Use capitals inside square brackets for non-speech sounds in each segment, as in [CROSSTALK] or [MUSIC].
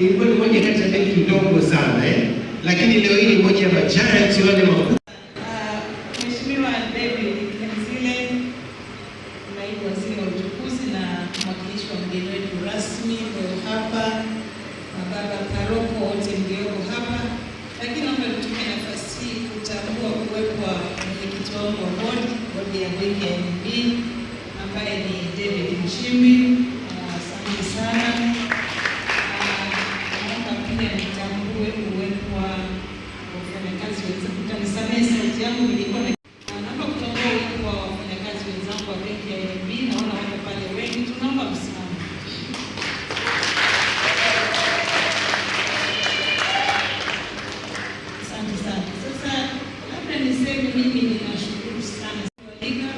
ilikuwa ni moja kati ya benki ndogo sana eh, lakini leo hii ni moja ya majanti wale makubwa. Uh, na mwakilishi wa wetu rasmi leo mababa paroko wote hapa, lakini naomba nitumie nafasi kutambua kuwepo kwa mwenyekiti wangu ambaye ni David Mchimbi, uh, asante sana sauti yangu nilikuwa na wafanyakazi wenzangu wa benki pale wengi, tunaomba msimamo. Asante Sasa labda niseme mimi ninashukuru sana waliga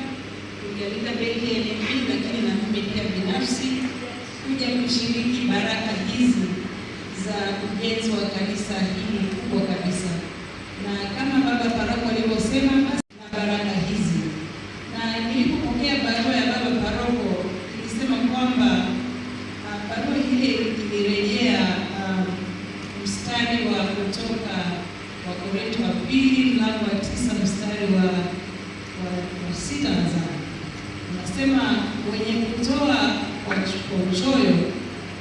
kujalinda benki binafsi kuja kushiriki baraka hizi za ujenzi wa kanisa hili uzima na baraka hizi. Na nilipopokea barua ya baba paroko, nilisema kwamba ah, barua hili ilirejea ah, mstari wa kutoka Wakorintho wa pili mlango wa tisa mstari wa, wa, wa sita nazana unasema wenye kutoa kwa uchoyo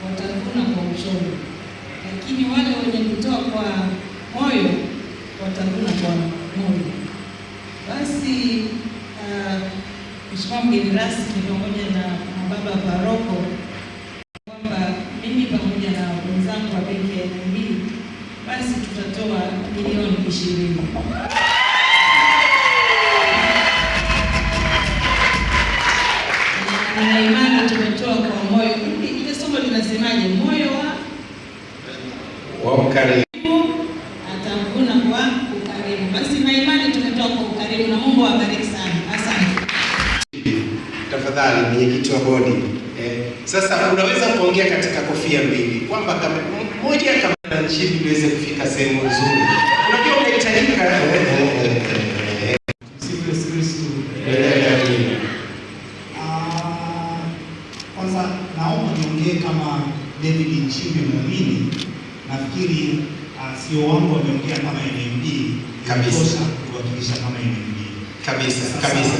watavuna kwa uchoyo, lakini wale wenye kutoa kwa moyo sisi uh, Mheshimiwa mgeni rasmi pamoja na mababa paroko kwamba mimi pamoja na wenzangu wa benki ya NMB basi tutatoa milioni ishirini na imani tumetoa kwa moyo. Ile somo linasemaje? moyo wa Mungu awabariki sana. Asante. Tafadhali mwenyekiti wa bodi eh, sasa unaweza kuongea katika kofia mbili kwamba moja kama nchi iweze kufika sehemu nzuri, unajua unahitajika ah, kwanza. Naomba niongee David Nchimbi muumini, nafikiri sio ah, e wangu wameongea kama NMB kabisa kuwakilisha kama NMB kabisa kabisa.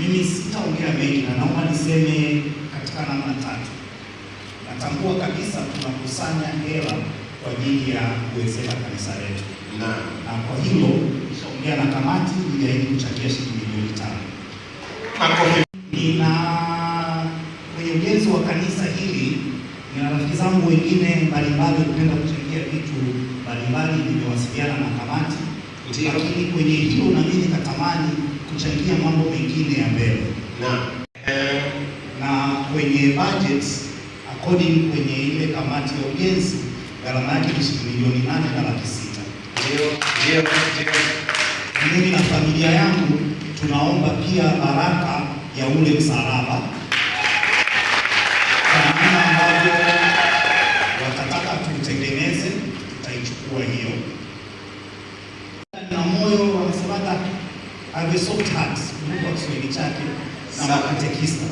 Mimi sitaongea mengi, na naomba niseme katika namna tatu. Natambua kabisa tunakusanya hela kwa ajili ya kuwezesha kanisa letu, na kwa hilo nishaongea na kamati, nijaribu kuchangia shilingi milioni tano nina kwenye ujenzi wa kanisa hili nina rafiki zangu wengine mbalimbali kupenda kuchangia vitu mbalimbali, nimewasiliana na kamati lakini kwenye hilo na mimi natamani kuchangia mambo mengine ya mbele na, na kwenye budget according kwenye ile kamati ya ujenzi gharama yake ni milioni nane na laki sita. Mimi na familia yangu tunaomba pia baraka ya ule msalaba have a soft heart, Mungu Kiswahili chake na makatekista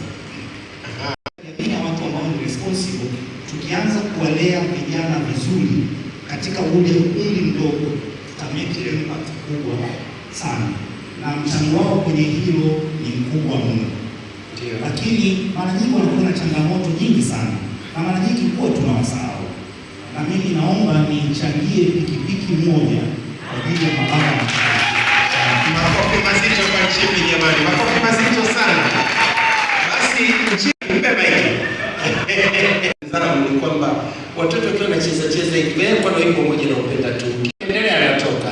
ya watu ambao ni responsible. Tukianza kuwalea vijana vizuri katika ule umri mdogo, tutameke impact kubwa sana, na mchango wao kwenye hilo ni mkubwa mno. Lakini mara nyingi wanakuwa na changamoto nyingi sana, na mara nyingi huwa tunawasahau, na mimi naomba nichangie pikipiki moja kwa ajili ya mababa mazito kwa chini jamani, makofi mazito sana. Basi [LAUGHS] ni kwamba watoto wakiwa wanacheza cheza hivi, kwa wimbo mmoja na upenda tu endelea, anatoka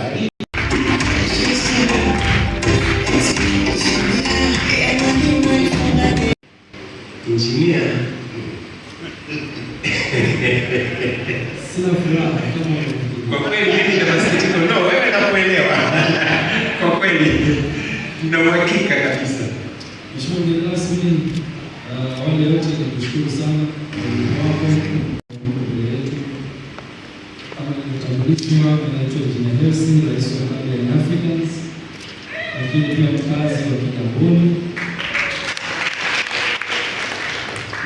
injinia [LAUGHS] kwa kweli mimi na masikitiko, no, wewe nakuelewa [LAUGHS] kweli, na uhakika kabisa. Mheshimiwa mgeni rasmi, uh, awali ya yote nikushukuru sana wako mbele yetu. Kama Hersi, rais wa Africans, lakini pia mkazi wa Kigamboni.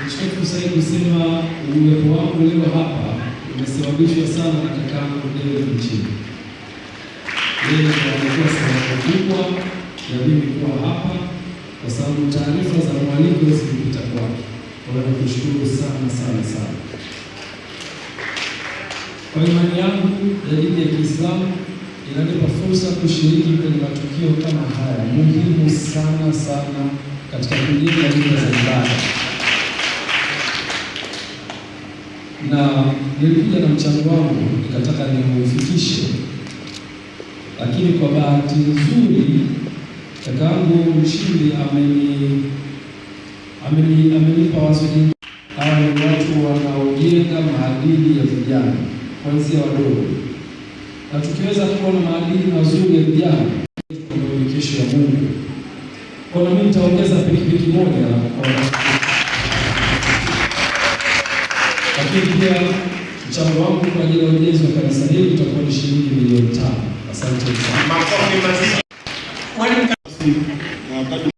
Nichukue fursa hii kusema uwepo wangu leo hapa umesababishwa sana na yeye amekuwa sababu kubwa ya mimi kuwa hapa, kwa sababu taarifa za mwaliko zilipita kwake. Kwa hiyo nakushukuru sana sana sana kwa imani yangu ya dini ya Kiislamu inanipa fursa kushiriki kwenye matukio kama haya muhimu sana sana katika kujenga nyumba za ibada, na nilikuja na mchango wangu nikataka niufikishe lakini kwa bahati nzuri kakaangu Mshindi ameni ameni amenipa wazo hili. Hawa ni watu wanaojenga maadili ya vijana kuanzia wadogo, na tukiweza kuwa na maadili mazuri ya vijana kesho ya Mungu. Kwa nami nitaongeza pikipiki moja lakini pia mchango wangu kwa ajili ya ujenzi wa kanisa hili utakuwa ni shilingi milioni tano. Asante sana. Makofi mazito.